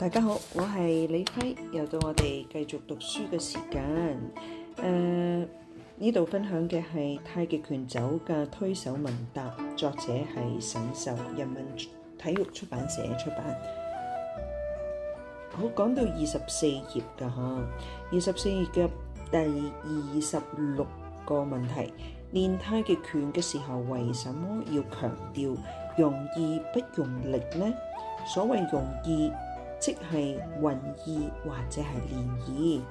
大家好，我係李輝，又到我哋繼續讀書嘅時間。誒、呃，呢度分享嘅係太極拳走架嘅推手問答，作者係沈秀，人民體育出版社出版。好，講到二十四頁噶吓，二十四頁嘅第二十六個問題：練太極拳嘅時候，為什麼要強調用意不用力呢？所謂用意」。即係運意或者係練意，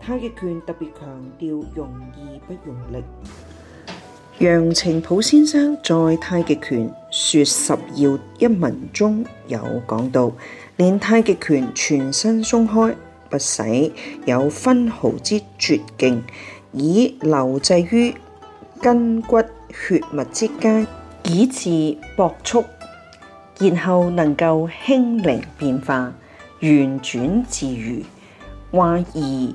太極拳特別強調用意不用力。楊澄甫先生在《太極拳説十要》一文中有講到：練太極拳全身鬆開，不使有分毫之絕勁，以留滯於筋骨血脈之間，以至薄縮。然後能夠輕靈變化，圓轉自如。話易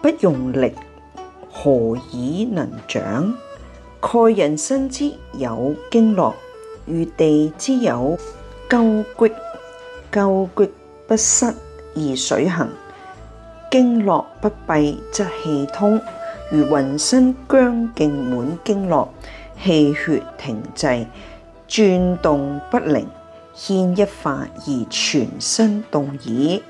不用力，何以能長？蓋人身之有經絡，與地之有溝壑。溝壑不失而水行，經絡不閉則氣通。如渾身僵勁滿經絡，氣血停滯，轉動不靈。牽一髮而全身動矣。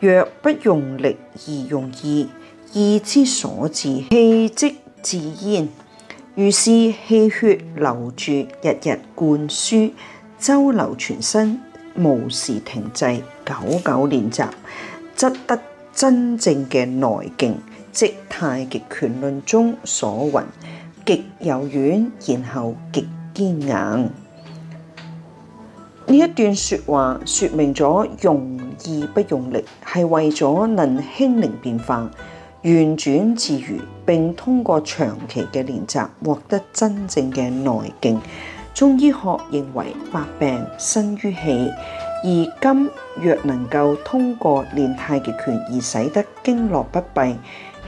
若不用力而用意，意之所至，氣即至焉。於是氣血流注，日日灌輸，周流全身，無時停滯。久久練習，則得真正嘅內勁，即太極拳論中所云：極柔軟，然後極堅硬。呢一段說話說明咗用意不用力，係為咗能輕靈變化、圓轉自如，並通過長期嘅練習獲得真正嘅內勁。中醫學認為百病生於氣，而今若能夠通過練太極拳而使得經絡不閉、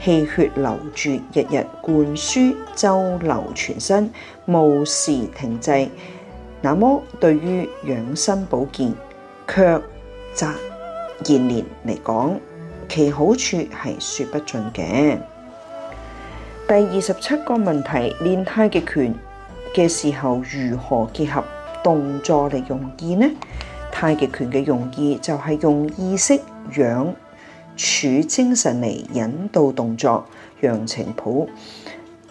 氣血流注，日日灌輸，周流全身，無時停滯。那麼對於養生保健、卻澤延年嚟講，其好處係說不盡嘅。第二十七個問題：練太極拳嘅時候如何結合動作嚟用意呢？太極拳嘅用意就係用意識養儲精神嚟引導動作，陽情譜。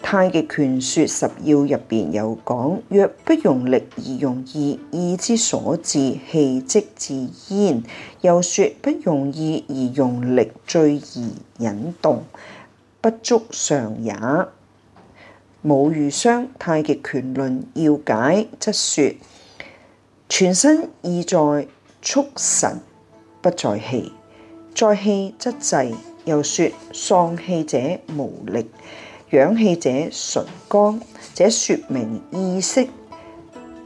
《太極拳說十要》入邊有講，若不用力而用意，意之所至，氣即至焉。又說不用意而用力，最易引動，不足尚也。武禹襄《太極拳論要解》則說，全身意在蓄神，不在氣，在氣則滯。又說喪氣者無力。養氣者純剛，這說明意識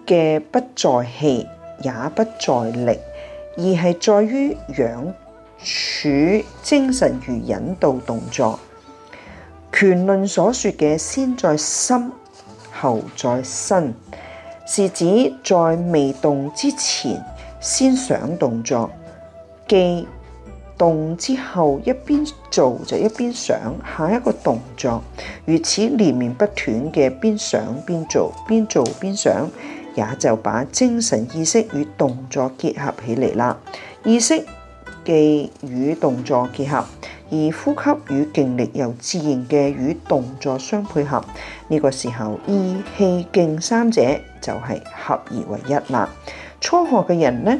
嘅不在氣也不在力，而係在於養處精神與引導動作。拳論所說嘅先在心後在身，是指在未動之前先想動作嘅。既動之後一邊做就一邊想下一個動作，如此連綿不斷嘅邊想邊做，邊做邊想，也就把精神意識與動作結合起嚟啦。意識既與動作結合，而呼吸與勁力又自然嘅與動作相配合，呢、這個時候意氣勁三者就係、是、合而為一啦。初學嘅人呢，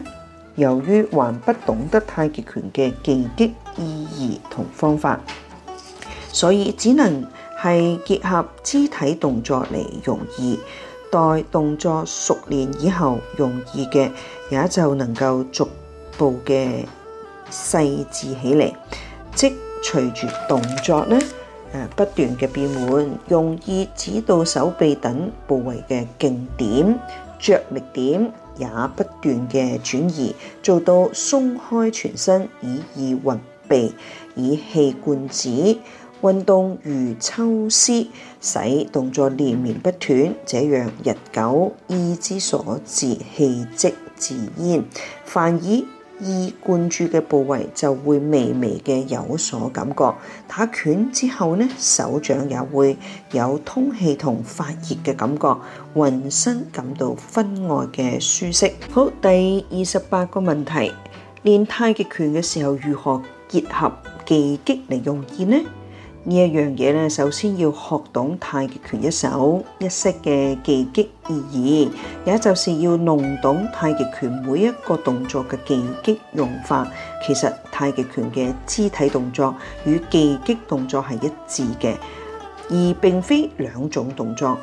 由於還不懂得太極拳嘅技擊意義同方法，所以只能係結合肢體動作嚟用意。待動作熟練以後，用意嘅也就能夠逐步嘅細緻起嚟，即隨住動作呢不斷嘅變換，用意指導手臂等部位嘅勁點、着力點。也不斷嘅轉移，做到鬆開全身，以意運臂，以氣貫指，運動如抽絲，使動作連綿不斷。這樣日久，意之所至，氣即至焉。凡以易灌注嘅部位就會微微嘅有所感覺，打拳之後呢，手掌也會有通氣同發熱嘅感覺，渾身感到分外嘅舒適。好，第二十八個問題，練太極拳嘅時候如何結合技擊嚟用意呢？呢一樣嘢咧，首先要學懂太極拳一手一式嘅技擊意義，也就是要弄懂太極拳每一個動作嘅技擊用法。其實太極拳嘅肢體動作與技擊動作係一致嘅，而並非兩種動作。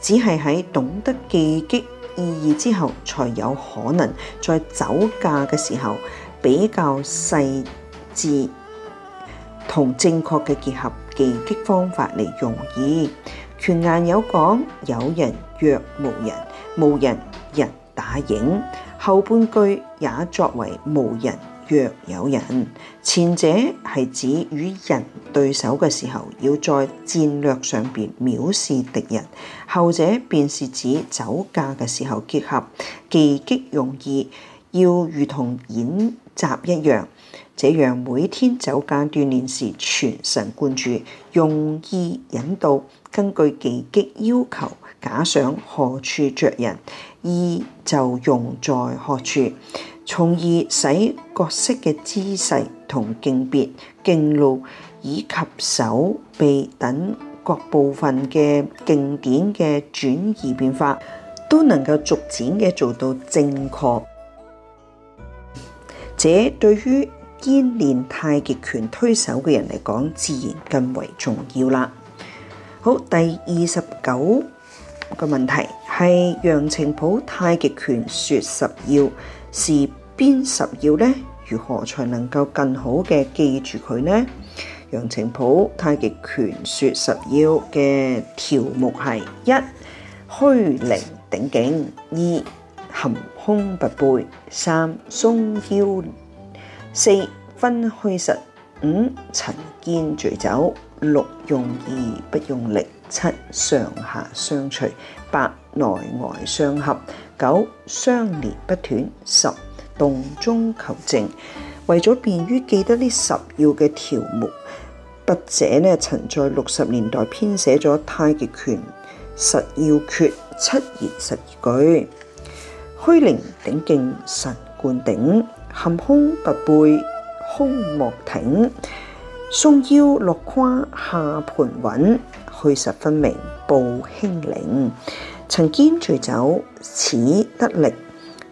只係喺懂得技擊意義之後，才有可能在走架嘅時候比較細緻。同正確嘅結合技擊方法嚟用意。拳眼有講，有人若無人，無人人打影。後半句也作為無人若有人，前者係指與人對手嘅時候，要在戰略上面藐視敵人；後者便是指走架嘅時候結合技擊用意，要如同演雜一樣，這樣每天走架鍛鍊時全神貫注，用意引導，根據技擊要求假想何處着人，意就用在何處，從而使各式嘅姿勢同勁別勁路以及手臂等各部分嘅勁點嘅轉移變化，都能夠逐漸嘅做到正確。這對於堅練太極拳推手嘅人嚟講，自然更為重要啦。好，第二十九個問題係楊澄甫太極拳説十要，是邊十要呢？如何才能夠更好嘅記住佢呢？楊澄甫太極拳説十要嘅條目係一虛靈頂勁，二含空拔背三鬆腰，四分虛實，五沉肩墜肘，六用意不用力，七上下相隨，八內外相合，九相連不斷，十動中求靜。為咗便於記得呢十要嘅條目，筆者呢曾在六十年代編寫咗《太極拳十要訣》七言十二句。虛靈頂勁神貫頂，含胸拔背胸莫挺，鬆腰落胯下盤穩，虛實分明步輕靈。沉肩垂肘，始得力，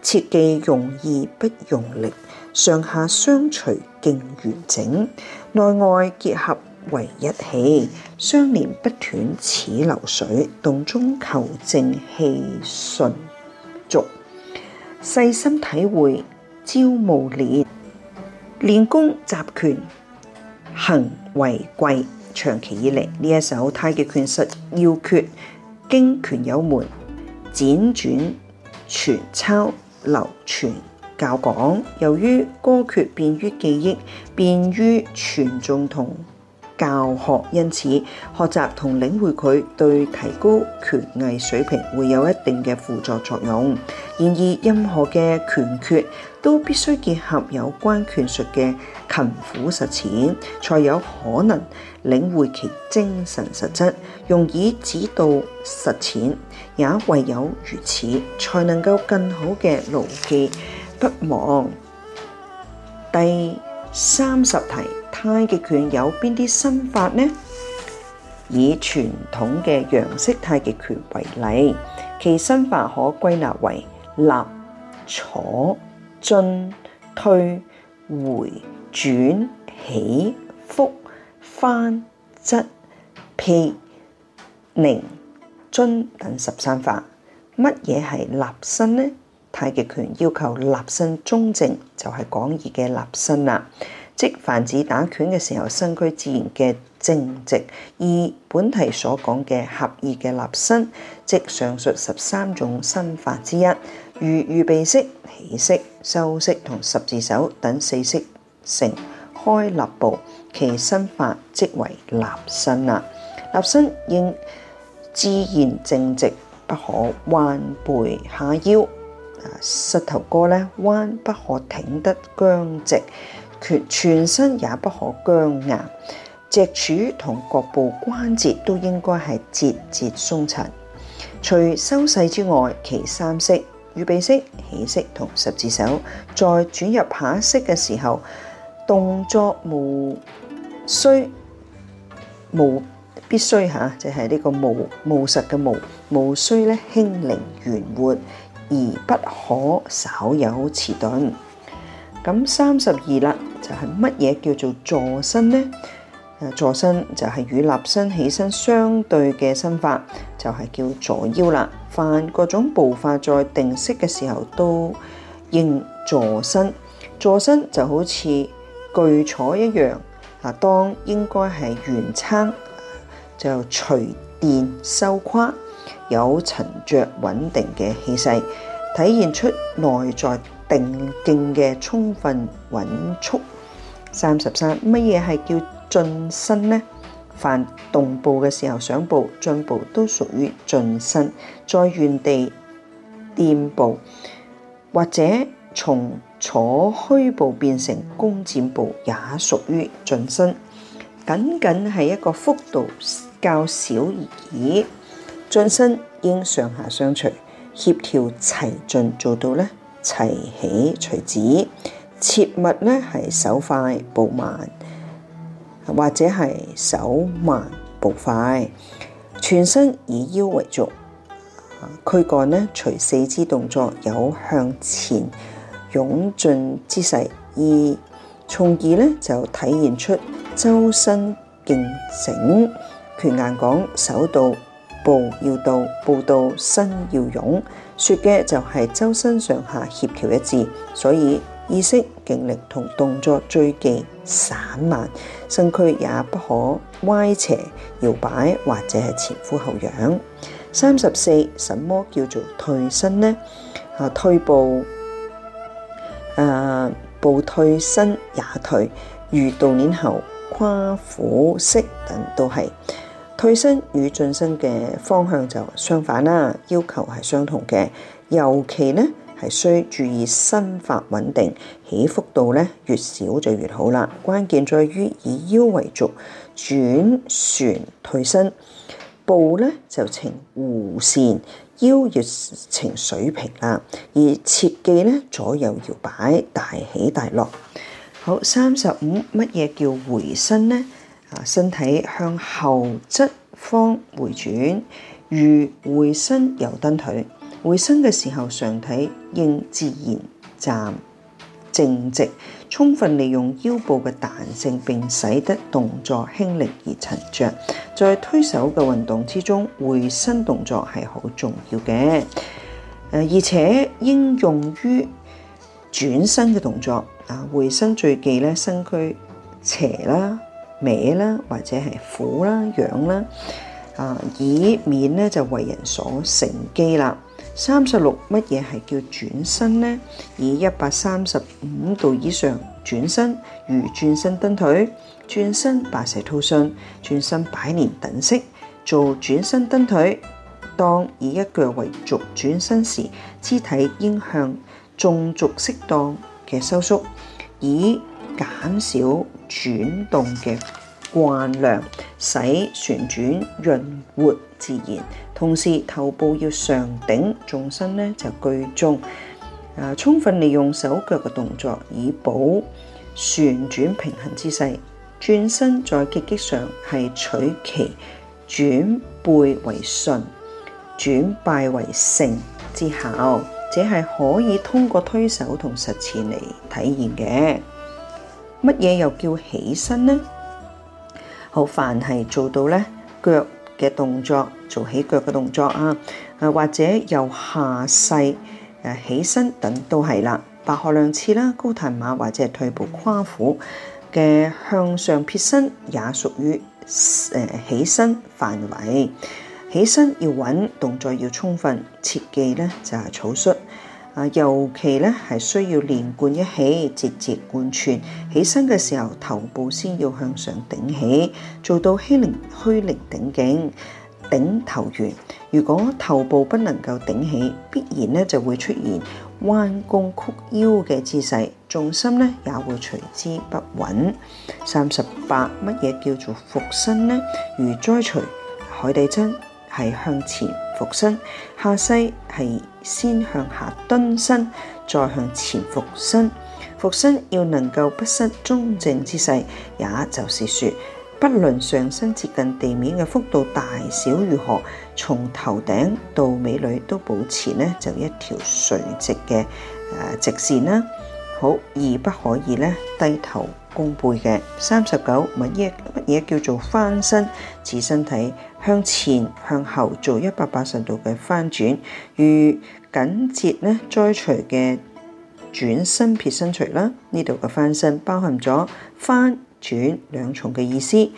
切記用意不用力，上下相隨勁完整，內外結合為一起，相連不斷似流水，動中求正氣順足。續細心體會朝暮練，練功習拳，行為貴。長期以來呢一首太極拳術要訣，經拳友們輾轉傳抄流傳較廣，由於歌訣便於記憶，便於傳誦同教學因此學習同領會佢對提高拳藝水平會有一定嘅輔助作用。然而，任何嘅拳訣都必須結合有關拳術嘅勤苦實踐，才有可能領會其精神實質，用以指導實踐。也唯有如此，才能夠更好嘅牢記不忘。第三十題。太極拳有邊啲身法呢？以傳統嘅楊式太極拳為例，其身法可歸納為立、坐、進、退、回、轉、起、伏、翻、側、劈、擰、蹲等十三法。乜嘢係立身呢？太極拳要求立身中正，就係、是、廣義嘅立身啦。即凡子打拳嘅時候，身軀自然嘅正直。而本題所講嘅狹義嘅立身，即上述十三種身法之一，如預備式、起式、式收式同十字手等四式成開立步，其身法即為立身啦。立身應自然正直，不可彎背下腰，膝頭哥呢彎，彎不可挺得僵直，全身也不可僵硬，脊柱同各部關節都應該係節節鬆沉。除收勢之外，其三式預備式、起式同十字手，再轉入下式嘅時候，動作無需無必須吓、啊，就係、是、呢個無務實嘅無，無需咧輕靈圓活，而不可稍有遲鈍。咁三十二啦，就係乜嘢叫做坐身呢？誒，坐身就係與立身起身相對嘅身法，就係叫坐腰啦。凡各種步法在定式嘅時候都應坐身。坐身就好似巨坐一樣。嗱，當應該係圓撐，就隨電收胯，有沉著穩定嘅氣勢，體現出內在定勁嘅充分穩速。三十三，乜嘢係叫進身呢？凡動步嘅時候，上步進步都屬於進身，在原地墊步或者從坐虛步變成弓箭步，也屬於進身。僅僅係一個幅度較小而已。進身應上下相隨，協調齊進，做到呢？齊起隨止，切勿咧係手快步慢，或者係手慢步快，全身以腰為軸，軀幹咧隨四肢動作有向前湧進姿勢，二從而咧就體現出周身勁整。拳眼講，手到步要到，步到身要湧。說嘅就係周身上下協調一致，所以意識、勁力同動作最忌散漫，身軀也不可歪斜、搖擺或者係前俯後仰。三十四，什麼叫做退身呢？啊，退步，誒、啊，步退身也退，如倒攆猴、跨虎式等都係。退身與進身嘅方向就相反啦，要求係相同嘅，尤其呢係需注意身法穩定，起伏度呢越少就越好啦。關鍵在於以腰為軸轉旋退身，步呢就呈弧線，腰要呈水平啦，而切忌呢左右搖擺、大起大落。好，三十五，乜嘢叫回身呢？身體向後側方回轉，如回身右蹬腿。回身嘅時候，上體應自然站正直，充分利用腰部嘅彈性，並使得動作輕力而沉着。在推手嘅運動之中，回身動作係好重要嘅。而且應用於轉身嘅動作。啊，回身最忌咧，身軀斜啦。歪啦，或者係苦啦、仰啦，啊，以免咧就為人所乘機啦。三十六，乜嘢係叫轉身咧？以一百三十五度以上轉身，如轉身蹬腿、轉身白蛇吐信、轉身擺蓮等式，做轉身蹬腿。當以一腳為軸轉身時，肢體應向縱軸適當嘅收縮，以減少轉動嘅慣量，使旋轉潤活自然。同時頭部要上頂，重心咧就居中、呃。充分利用手腳嘅動作，以保旋轉平衡姿勢。轉身在技擊上係取其轉背為順，轉敗為勝之效。這係可以通過推手同實踐嚟體現嘅。乜嘢又叫起身咧？好，凡係做到咧腳嘅動作，做起腳嘅動作啊，誒或者由下勢誒、啊、起身等都係啦。白鶴亮翅啦，高探馬或者係退步跨虎嘅向上撇身也屬，也屬於誒起身範圍。起身要穩，動作要充分，切忌咧就係、是、草率。啊，尤其咧係需要連貫一起，節節貫穿。起身嘅時候，頭部先要向上頂起，做到虛靈虛靈頂頸，頂頭圓。如果頭部不能夠頂起，必然咧就會出現彎弓曲腰嘅姿勢，重心咧也會隨之不穩。三十八，乜嘢叫做伏身呢？如栽錘、海底針係向前。伏身下勢係先向下蹲身，再向前伏身。伏身要能夠不失中正之勢，也就是說，不論上身接近地面嘅幅度大小如何，從頭頂到尾閭都保持呢就一條垂直嘅、呃、直線啦。好，而不可以呢低頭弓背嘅。三十九，乜嘢乜嘢叫做翻身？自身體。向前向後做一百八十度嘅翻轉，如緊接呢栽捶嘅轉身撇身捶啦，呢度嘅翻身包含咗翻轉兩重嘅意思，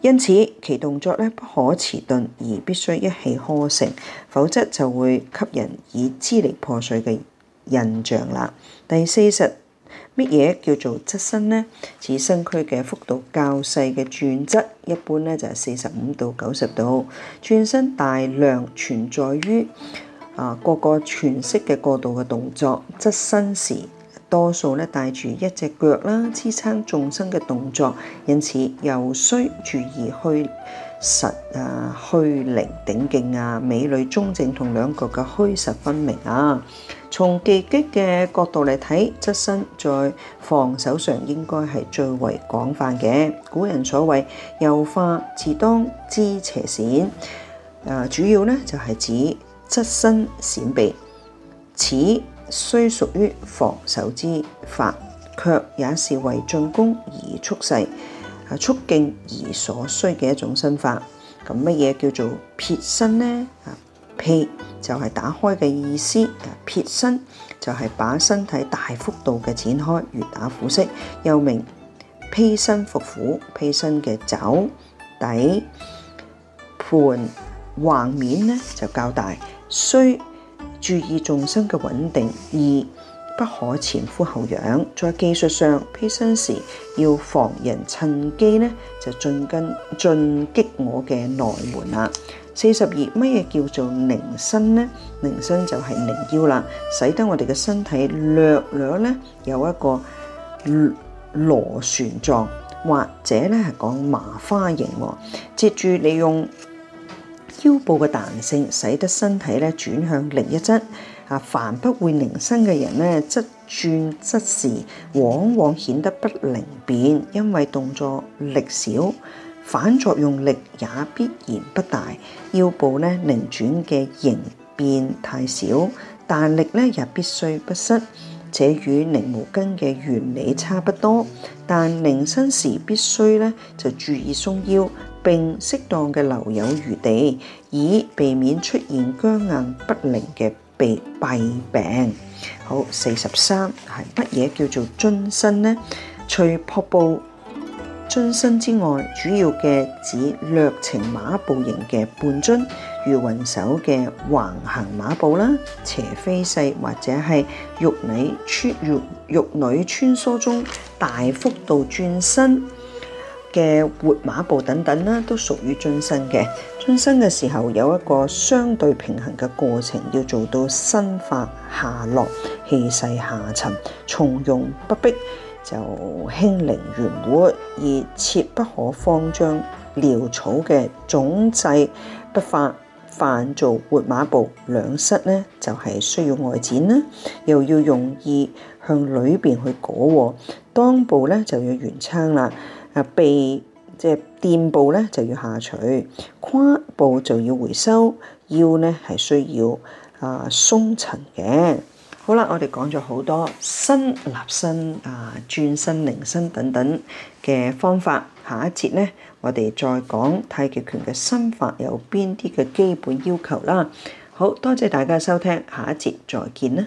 因此其動作咧不可遲鈍，而必須一氣呵成，否則就會給人以支離破碎嘅印象啦。第四十。乜嘢叫做側身咧？指身軀嘅幅度較細嘅轉側，一般咧就係四十五到九十度。轉身大量存在於啊個個拳式嘅過度嘅動作，側身時多數咧帶住一隻腳啦支撐重心嘅動作，因此又需注意去實啊，虛靈頂勁啊，尾閭中正同兩腳嘅虛實分明啊。從技擊嘅角度嚟睇，側身在防守上應該係最為廣泛嘅。古人所謂右發自當知斜閃，啊，主要呢就係指側身閃避。此雖屬於防守之法，卻也是為進攻而蓄勢。促境而所需嘅一種身法。咁乜嘢叫做撇身呢？啊，披就係打開嘅意思。撇身就係把身體大幅度嘅展開，如打虎式又名披身伏虎。披身嘅肘底盤橫面呢就較大，需注意重心嘅穩定而。不可前俯後仰，在技術上披身時要防人趁機咧就進跟進擊我嘅內門啦。四十二，乜嘢叫做擰身咧？擰身就係擰腰啦，使得我哋嘅身體略略咧有一個螺旋狀或者咧係講麻花形，接住利用腰部嘅彈性，使得身體咧轉向另一側。凡不會擰身嘅人呢，側轉側時，往往顯得不靈便，因為動作力小，反作用力也必然不大。腰部呢，擰轉嘅形變太少，彈力呢也必須不失。這與擰毛巾嘅原理差不多，但擰身時必須呢，就注意鬆腰，並適當嘅留有餘地，以避免出現僵硬不靈嘅被弊病，好，四十三係乜嘢叫做樽身呢？除瀑布樽身之外，主要嘅指略呈馬步形嘅半樽，如雲手嘅橫行馬步啦、斜飛勢，或者係玉女穿玉玉女穿梭中大幅度轉身嘅活馬步等等啦，都屬於樽身嘅。新生嘅時候有一個相對平衡嘅過程，要做到身法下落，氣勢下沉，從容不迫就輕靈圓活，而切不可慌張。潦草嘅總制不發，犯做活馬步兩膝呢，就係、是、需要外展啦，又要容易向裏邊去裹。襠步呢，就要圓撐啦，啊，臂。即係墊步咧就要下垂，跨步就要回收，腰咧係需要啊鬆沉嘅。好啦，我哋講咗好多新立身啊、呃、轉身擰身等等嘅方法，下一節咧我哋再講太極拳嘅身法有邊啲嘅基本要求啦。好多謝大家收聽，下一節再見啦。